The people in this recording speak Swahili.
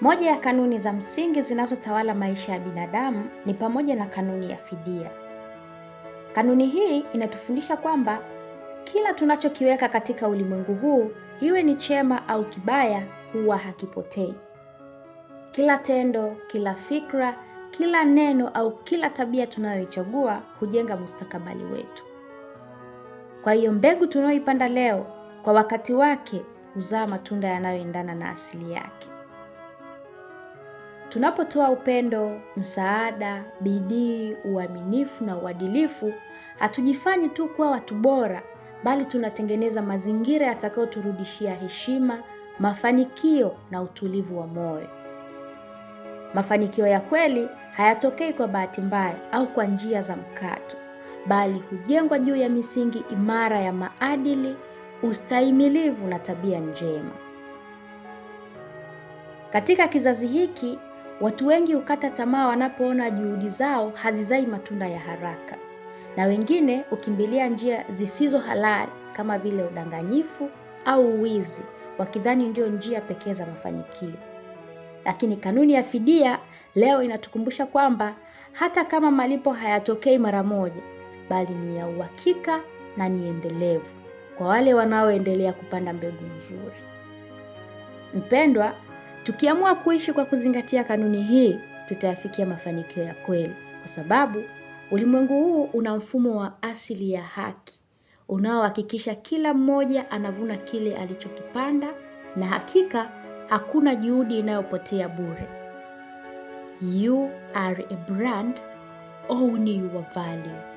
Moja ya kanuni za msingi zinazotawala maisha ya binadamu ni pamoja na kanuni ya fidia. Kanuni hii inatufundisha kwamba kila tunachokiweka katika ulimwengu huu, iwe ni chema au kibaya, huwa hakipotei. Kila tendo, kila fikra, kila neno au kila tabia tunayoichagua hujenga mustakabali wetu. Kwa hiyo mbegu tunayoipanda leo, kwa wakati wake huzaa matunda yanayoendana na asili yake. Tunapotoa upendo, msaada, bidii, uaminifu na uadilifu, hatujifanyi tu kuwa watu bora, bali tunatengeneza mazingira yatakayoturudishia heshima, mafanikio na utulivu wa moyo. Mafanikio ya kweli hayatokei kwa bahati mbaya au kwa njia za mkato, bali hujengwa juu ya misingi imara ya maadili, ustahimilivu na tabia njema. Katika kizazi hiki Watu wengi hukata tamaa wanapoona juhudi zao hazizai matunda ya haraka, na wengine hukimbilia njia zisizo halali kama vile udanganyifu au uwizi wakidhani ndio njia pekee za mafanikio. Lakini kanuni ya fidia leo inatukumbusha kwamba hata kama malipo hayatokei mara moja, bali ni ya uhakika na ni endelevu kwa wale wanaoendelea kupanda mbegu nzuri. Mpendwa, Tukiamua kuishi kwa kuzingatia kanuni hii, tutayafikia mafanikio ya kweli, kwa sababu ulimwengu huu una mfumo wa asili ya haki unaohakikisha kila mmoja anavuna kile alichokipanda, na hakika hakuna juhudi inayopotea bure. You are a brand, own your value.